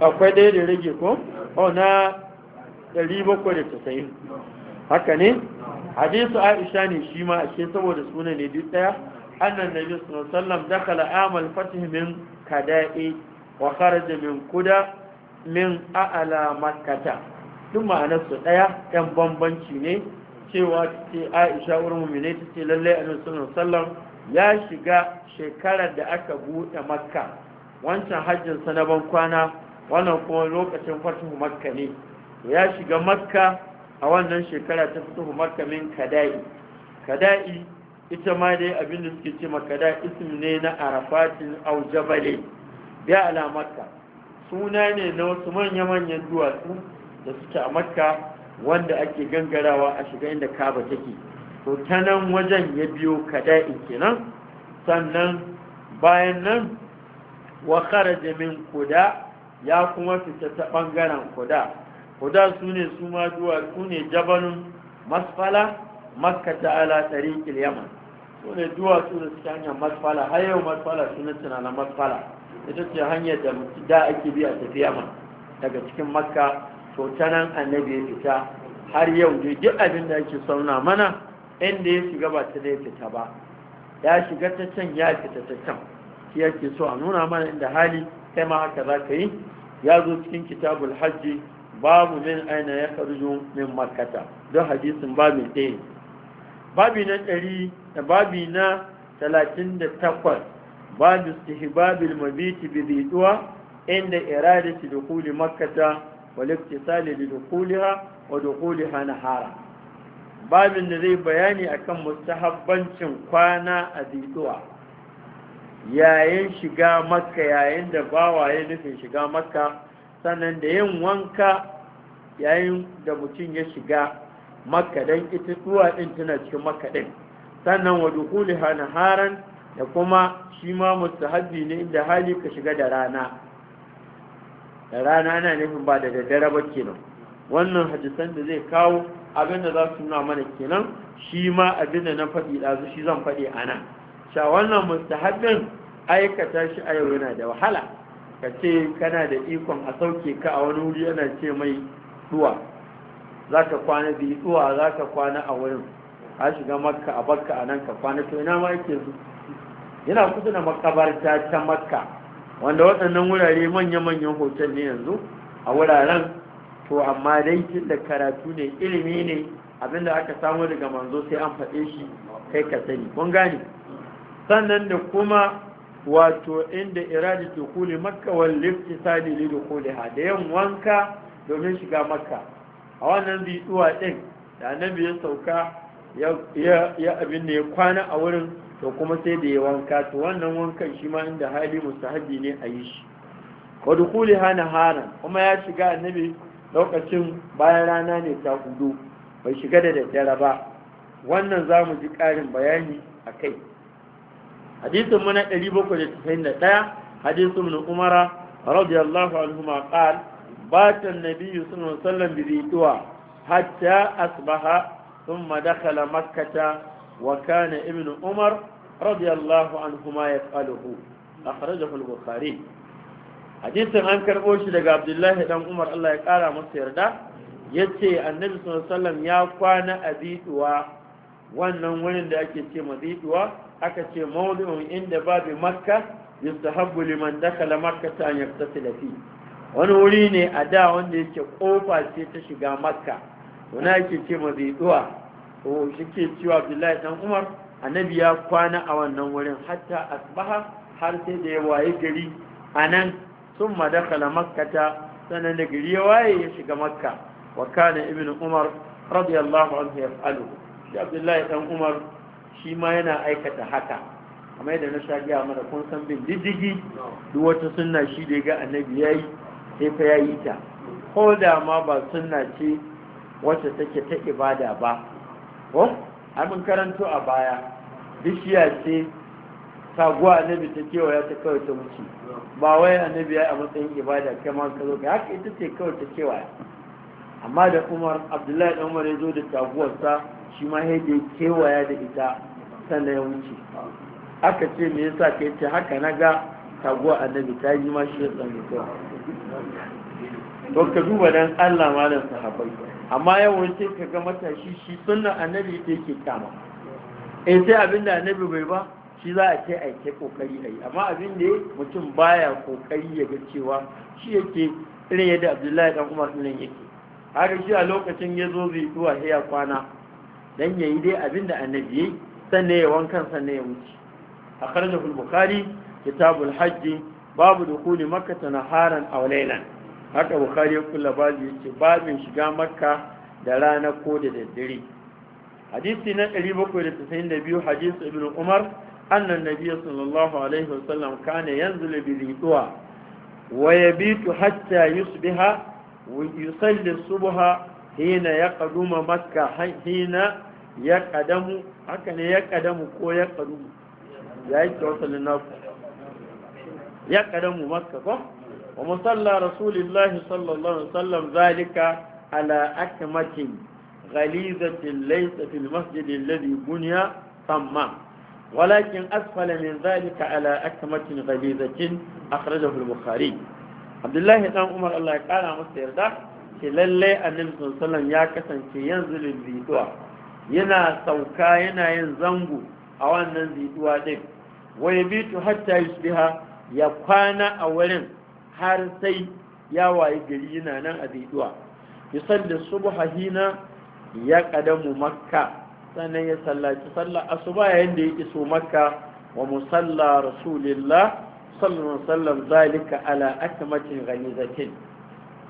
akwai ɗaya da rage ko o oh, na 790 haka ne hadisu aisha ne shi ma ashe saboda suna ne duk ɗaya annan nabi sallam dakala amal fatih min kada'i wa kharaja min kuda min a'ala makkata duk ma'anar su ɗaya Yan bambanci ne cewa ce aisha wurin mummune ta ce lallai annabi sallam ya shiga shekarar da aka buɗe makka wancan hajjinsa na ban kwana wannan kuma lokacin fatuhu makka ne ya shiga makka a wannan shekara ta fatuhu makka min kada'i kada'i ita ma dai abin da suke ce ma kada'i ism ne na arafatin au jabale ala makka suna ne na wasu manya-manyan duwatsu da suke a makka wanda ake gangarawa a shiga inda kaba take to ta nan wajen ya biyo kada'i kenan sannan bayan nan wa kharaja min kuda ya kuma fita ta bangaren kuda kuda sune su ma duwatsu ne jabalun masfala makka ta ala tariqil yaman sune duwatsu da suke hanyar masfala har yau masfala sunan tunanin masfala ita ce hanyar da da ake bi a tafiya yaman daga cikin makka to ta nan annabi ya fita har yau duk abin da ake sauna mana inda ya shiga ba ta da fita ba ya shiga ta can ya fita ta can gaskiya ke so a nuna mana inda hali kai ma haka za ka yi ya zo cikin kitabul hajji babu min aina ya karju min makata, don hadisin Babu ɗaya babi na ɗari da babi na talatin da takwas babu istihbabil mabiti bi biduwa inda iradati dukuli makkata wal iktisali li dukuliha wa na hara. babin da zai bayani akan mustahabbancin kwana a biduwa yayin shiga makka yayin da bawaye nufin shiga makka sannan da yin wanka yayin da mutum ya shiga makka don ita duwa ɗin tana cikin makka ɗin sannan wa dukuli haran da kuma shi ma mustahabbi ne inda hali ka shiga da rana da rana ana nufin ba da daddare ba kenan wannan hadisan da zai kawo abin da za su nuna mana kenan shi ma abin na faɗi ɗazu shi zan faɗi a nan sha wannan mustahabin aikata shi a yau yana da wahala ka ce kana da ikon a sauke ka a wani wuri yana ce mai duwa za ka kwana biyu duwa za ka kwana a wurin a shiga makka a bakka a nan ka kwana to ina ma yake su yana kusa da makabarta ta makka wanda waɗannan wurare manya-manyan hotel ne yanzu a wuraren to amma dai tun da karatu ne ilimi ne abinda aka samu daga manzo sai an faɗe shi kai ka sani kun gane sannan da kuma wato inda iradi kuli makka wal liftisali li ha da yin wanka domin shiga makka a wannan bituwa din da annabi ya sauka ya abin da kwana a wurin to kuma sai da ya wanka to wannan wankan shi ma inda hali mustahabi ne a yi shi wa na hana kuma ya shiga annabi lokacin bayan rana ne ta hudu bai shiga da daddare ba wannan za mu ji ƙarin bayani a kai hadisin mu na 791 hadisin mu umara radiyallahu anhu ma qal bata annabi sallallahu alaihi wasallam bi zituwa hatta asbaha thumma dakhala makkah wa kana ibnu umar radiyallahu anhuma yas'aluhu akhrajahu al hadisin an karbo shi daga abdullahi dan umar Allah ya kara masa yarda yace annabi sallallahu alaihi wasallam ya kwana a zituwa wannan wurin da ake ce ma zituwa aka ce mawdu'un inda babu makka yustahabbu liman dakala makka ta yaktasila fi wani wuri ne a da wanda yake kofa ce ta shiga makka wani yake ce maziduwa ko ke cewa abdullahi dan umar annabi ya kwana a wannan wurin hatta asbaha har sai da ya waye gari a anan sun makka ta sannan da gari ya waye ya shiga makka wa kana ibnu umar radiyallahu anhu fa'alu shi abdullahi dan umar shi ma yana aikata haka kamar yadda na shagi a mana kun san bin diddigi duk wata sunna shi da ga annabi yi sai fa yi ta ko da ma ba sunna ce wacce take ta ibada ba ko abin karanto a baya bishiya ce taguwa annabi ta kewaya ta kawai ta wuce ba wai annabi ya a matsayin ibada kai ma ka zo ga haka ita ce kawai ta kewaya amma da umar abdullahi umar ya zo da taguwarsa shi ma ya kewaya da ita sannan ya wuce aka ce me yasa ka ce haka na ga taguwa annabi ta yi ma shi ya tsange kawai to ka duba dan Allah malam sahabbai amma yawan sai ka ga matashi shi sunan annabi ita yake kama eh sai abinda annabi bai ba shi za a ce a ke kokari a yi amma abin da mutum baya kokari ya ga cewa shi yake irin yadda abdullahi dan umar ɗin yake Har shi a lokacin ya zo zai zuwa ya kwana dan yayi dai abinda annabi yayi sannan ya wankan sannan ya wuce A al-bukhari kitabul hajji babu dukuli makka naharan aw laylan haka bukhari ya ba babu yace babin shiga makka da rana ko da daddare hadisi na 792 hadisi ibn umar annan an sallallahu alaihi wasallam kana yanzu bi dhituwa wa yabitu hatta yusbiha ويصلي Hina ya يقدم makka hina. ya kadamu haka ne ya kadamu ko ya kadu ya yi tawassalin naku ya kadamu makka ko wa musalla rasulillahi sallallahu alaihi wasallam zalika ala akmatin ghalizatin laysa fil masjid alladhi bunya thamma ولكن أسفل من ذلك على أكمة غليظة أخرجه البخاري Abdullahi الله Umar عمر الله قال masa yarda, ke النبي صلى الله عليه وسلم ya kasance yanzu البيتوع yana sauka yana yin zango a wannan ziduwa din wa bitu hatta yusbiha ya kwana a wurin har sai ya waye gari yana nan a ziduwa da subha hina ya kadamu makka sannan ya sallaci sallar asuba yayin da ya iso makka wa musalla rasulillah sallallahu alaihi wasallam zalika ala akmatin ghanizatin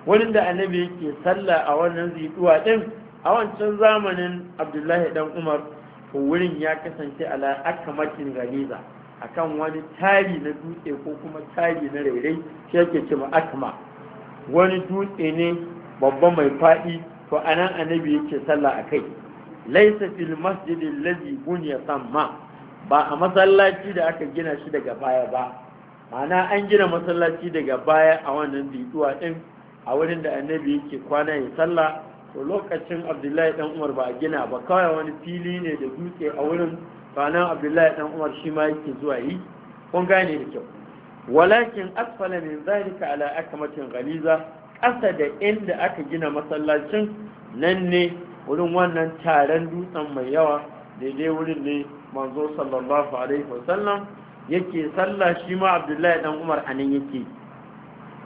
wurin da annabi yake salla a wannan ziduwa din a wancan zamanin abdullahi dan umar wurin ya kasance ala akamakin ganiza kan wani tari na dutse ko kuma tari na rairai shi yake cewa akma wani dutse ne babba mai faɗi to anan annabi yake sallah a kai laisa fil masjidin lazi bunya samma ba a masallaci da aka gina shi daga baya ba ma'ana an gina masallaci daga baya a wannan dutuwa din a wurin da annabi yake kwana ya sallah to lokacin abdullahi dan umar ba a gina ba kawai wani fili ne da dutse a wurin ranar abdullahi dan umar shi ma yake zuwa yi kun gane da kyau walakin asfala min zalika ala akamatin ghaliza ƙasa da inda aka gina masallacin nan ne wurin wannan taron dutsen mai yawa daidai wurin ne manzo sallallahu alaihi wasallam yake sallah shi ma abdullahi dan umar anan yake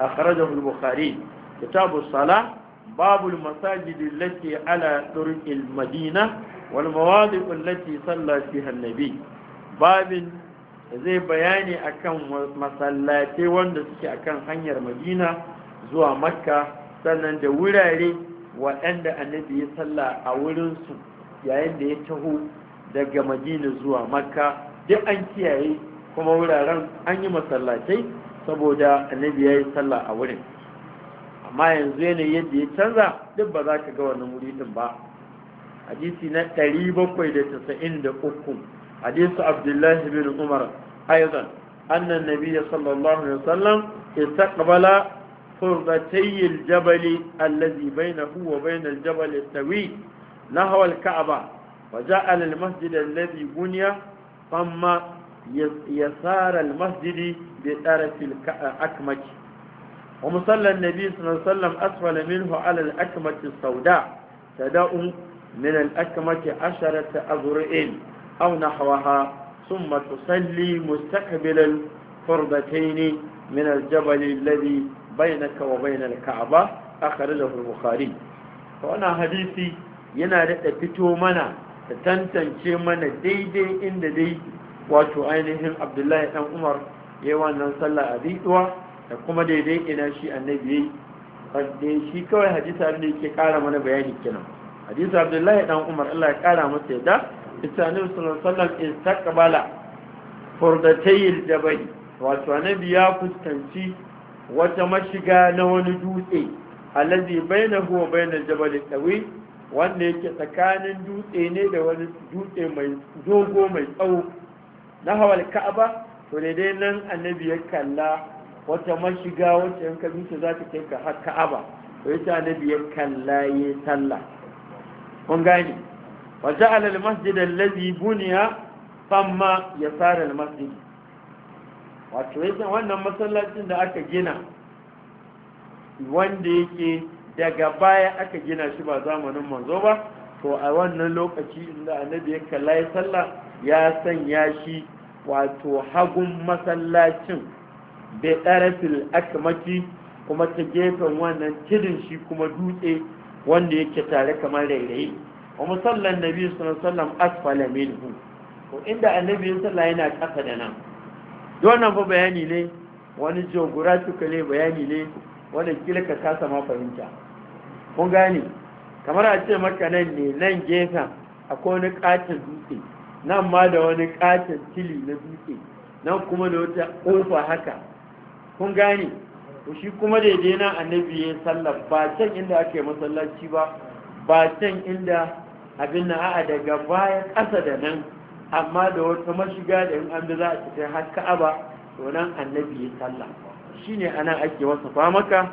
akhrajahu al-bukhari kitabu salah باب المساجد التي على طرق المدينة والمواضع التي صلى فيها النبي باب zai bayani akan masallatai wanda suke akan hanyar madina zuwa makka sannan da wurare waɗanda annabi ya salla a wurinsu yayin da ya taho daga madina zuwa makka duk an kiyaye kuma wuraren an yi masallatai saboda annabi ya yi salla a wurin amma yanzu yanayi yadda ya canza duk ba za ka ga wannan muridin ba hadisi na 793 hadisu abdullahi bin umar aizan annan nabiya sallallahu alaihi wasallam istaqbala furdatay aljabal allazi bainahu wa na aljabal tawi nahwa alka'ba wa ja'a almasjid allazi bunya thumma yasara almasjid bi tarafi alakmaki ومصلى النبي صلى الله عليه وسلم أسفل منه على الأكمة السوداء تداء من الأكمة عشرة أذرئين أو نحوها ثم تصلي مستقبل الفرضتين من الجبل الذي بينك وبين الكعبة أخرجه البخاري وأنا حديثي yana daɗa fito mana da tantance mana daidai inda dai wato ainihin abdullahi ɗan umar ya wannan sallah a riɗuwa da kuma daidai ina shi annabi yayi wanda shi kawai hadisi ne yake kara mana bayani kenan hadisi abdullahi dan umar Allah ya kara masa yadda ita annabi sallallahu alaihi wasallam istaqbala furdatayil jabal wato annabi ya fuskanci wata mashiga na wani dutse allazi bainahu wa bainal jabal tawi wanda yake tsakanin dutse ne da wani dutse mai dogo mai tsawo na hawal ka'aba to dai nan annabi ya kalla wata mashiga wacce in ka zuce za ta kai ka har ka'aba to ya ta nabi ya kalla ya sallah kun gane wa ja'ala al-masjid allazi buniya famma yasara al-masjid wato yasa wannan masallacin da aka gina wanda yake daga baya aka gina shi ba zamanin manzo ba to a wannan lokaci inda annabi ya kalla ya sallah ya sanya shi wato hagun masallacin bai fil akamaki kuma ta gefen wannan tudun shi kuma dutse wanda yake tare kamar rairayi wa musallan nabi wasallam asfala minhu ko inda annabi ya yana kasa da nan wannan fa bayani ne wani geographical ne bayani ne wanda kila ka kasa ma fahimta kun gane kamar a ce maka nan ne nan gefen akwai wani katin dutse nan ma da wani katin tili na dutse nan kuma da wata ƙofa haka kun gane to shi kuma daidai na annabi ya sallar ba can inda ake masallaci ba ba can inda abin na a'a daga baya ƙasa da nan amma da wata mashiga da in an bi za a fita har ka'aba to nan annabi ya sallah shine ana ake wasafa maka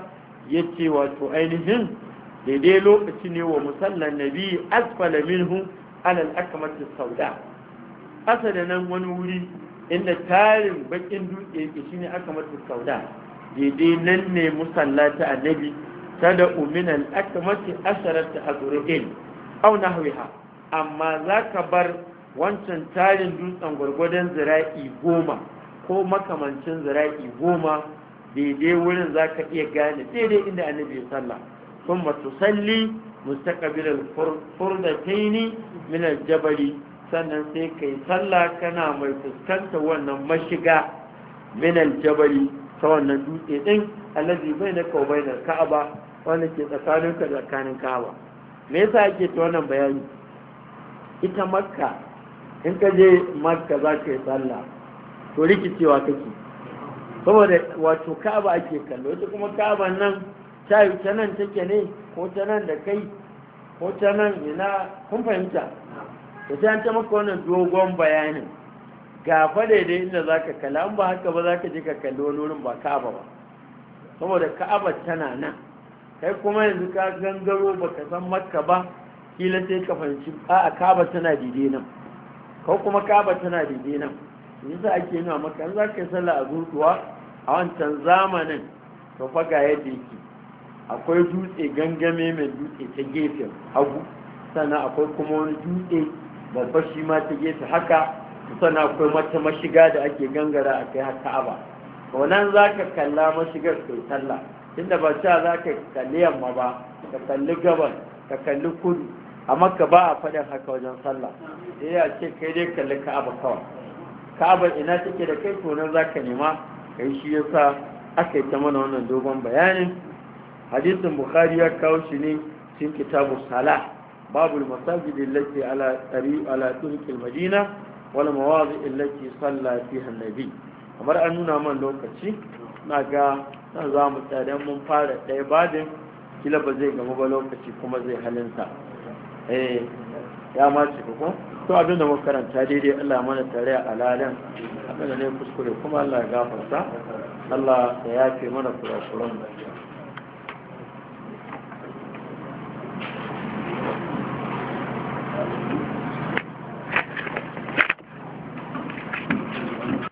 yace wato ainihin daidai lokaci ne wa musallan nabi asfala minhu alal akmatu sauda ƙasa da nan wani wuri inda tarin bakin dutse ke shine aka mata sauda daidai nan ne musallata annabi da uminan aka mace ta azura'in au nahwiha amma zaka bar wancan tarin dutsen gwargwadon zira'i goma ko makamancin zira'i goma daidai wurin zaka iya gane daidai inda annabi ya salla kuma tusalli mustaqbilal furdataini min al-jabali sannan sai ka yi sallah kana mai fuskanta wannan mashiga minal Jabari ta wannan dutse ɗin alazi bai na kawo bai na ka'aba wanda ke tsakaninka da tsakanin ka'aba me yasa ake ta wannan bayani ita makka in ka je makka za ka yi sallah to rikicewa kake saboda wato ka'aba ake kallo ita kuma ka'aba nan ta nan take ne ko ta nan da kai ko ta nan ina kun fahimta da sai an maka wannan dogon bayanin gafa daidai inda za ka kalla an ba haka ba za ka je ka kalli wani wurin ba ka'aba ba saboda ka'aba tana nan kai kuma yanzu ka gangaro ba ka san makka ba kila sai ka fahimci a ka'aba tana daidai nan ko kuma ka'aba tana daidai nan yasa ake nuna maka an za ka yi sallah a zuciya a wancan zamanin to fa ga yadda yake akwai dutse gangame mai dutse ta gefen hagu sannan akwai kuma wani dutse babbar shi ma ta gefe haka kusan akwai mata mashiga da ake gangara a kai haka aba wannan za ka kalla mashigar kai talla inda ba cewa za ka kalli yamma ba ka kalli gaban ka kalli kudu amma ka ba a faɗin haka wajen sallah sai ya ce kai dai kalli ka'aba kawai ka'aba ina take da kai to nan za ka nema kai shi yasa aka yi ta mana wannan dogon bayanin hadisin bukhari ya kawo shi ne cikin kitabu salah باب المساجد التي على طريق على طريق المدينة والمواضع التي صلى فيها النبي kamar an nuna man lokaci na ga nan za mu tsada mun fara ɗaya badin kila ba zai gama ba lokaci kuma zai halinsa eh ya ma ci ko to abin da muka karanta daidai Allah mana tare a ladan abin da ne kuskure kuma Allah ya gafarta Allah ya yafe mana kurakuran mu